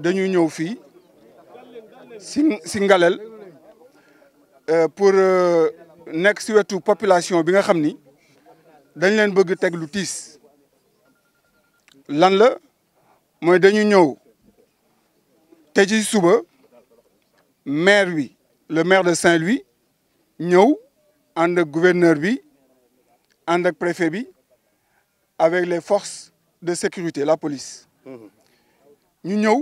dañuy ñëw euh, pour euh, next population bi nga xamni dañ leen bëgg lu lan te ci maire le maire de Saint-Louis ñëw and ak gouverneur bi and préfet avec les forces de sécurité la police. Mmh ñu ñëw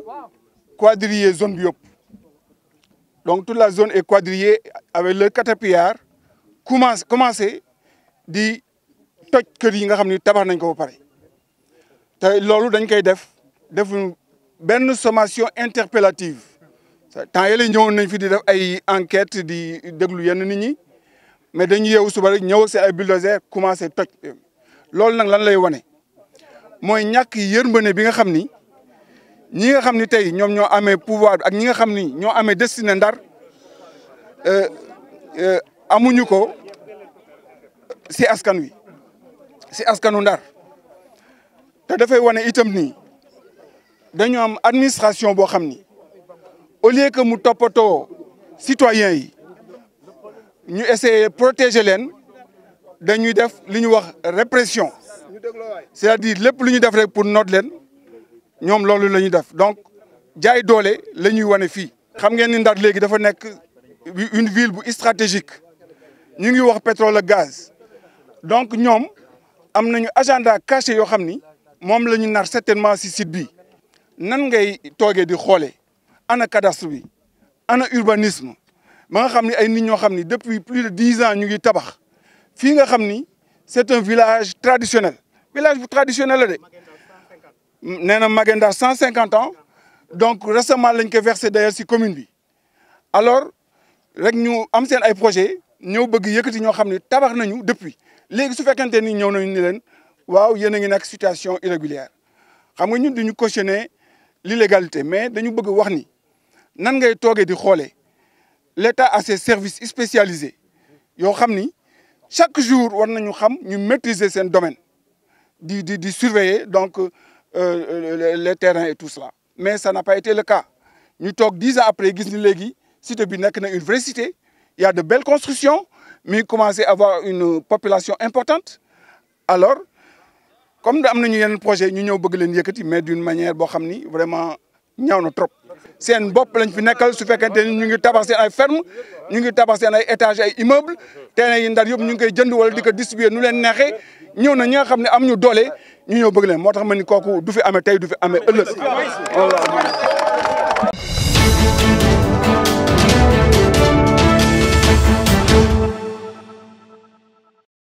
quadriller zone bi yëpp donc toute la zone est quadrillée avec le catapillard commence commencé di toj kër yi nga xam ni tabax nañ ko ba pare te loolu dañ koy def defuñu benn sommation interpellative temps yële ñëwoon nañ fi di def ay enquête di déglu yenn nit ñi mais dañu yeewu suba rek ñëw si ay bulldozer commencé toj loolu nag lan lay wane mooy ñàkk yërmande bi nga xam ñi nga xamni ni ñom ñoom ñoo amee pouvoir ak ñi nga xamni ni ñoo amee destiné Ndar euh, euh, amuñu ko ci askan wi ci askanu Ndar da fay wone itam ni dañu am administration bo xamni au lieu que mu toppatoo citoyens yi ñu essayer protéger len dañuy def li ñu wax répression c'est-à-dire lepp luñu def rek pour note len ñom loolu la def donc jaay doolé lañuy ñuy fi xam ngeen ni Ndar légui dafa nek une ville bu stratégique ñu ngi wax pétrole gaz donc ñom am nañu agenda caché yo xamni mom lañu nar certainement si site bi nan ngay togué di xolé ana cadastre bi ana urbanisme ma nga xam ay nit ñoo xamni depuis plus de dix ans ñu ngi tabax fi nga xamni c'est un village traditionnel village bu traditionnel la de. Nous avons 150 ans donc récemment nous versé d'ailleurs la commune alors nous avons un projet nous bëgg depuis Nous situation irrégulière Nous l'illégalité mais nous l'État a ses services spécialisés chaque jour nous maîtriser ce domaine surveiller donc euh, euh, les terrains et tout cela. Mais ça n'a pas été le cas. Nous sommes dix ans après site une vraie cité. Il y a de belles constructions, mais il commence à avoir une population importante. Alors, comme nous avons un projet, nous avons un mais d'une manière vraiment trop C'est nous immeuble ñu ñëw bëgg leen moo tax ma ni kooku du fi amee tey du fi amee ëllëg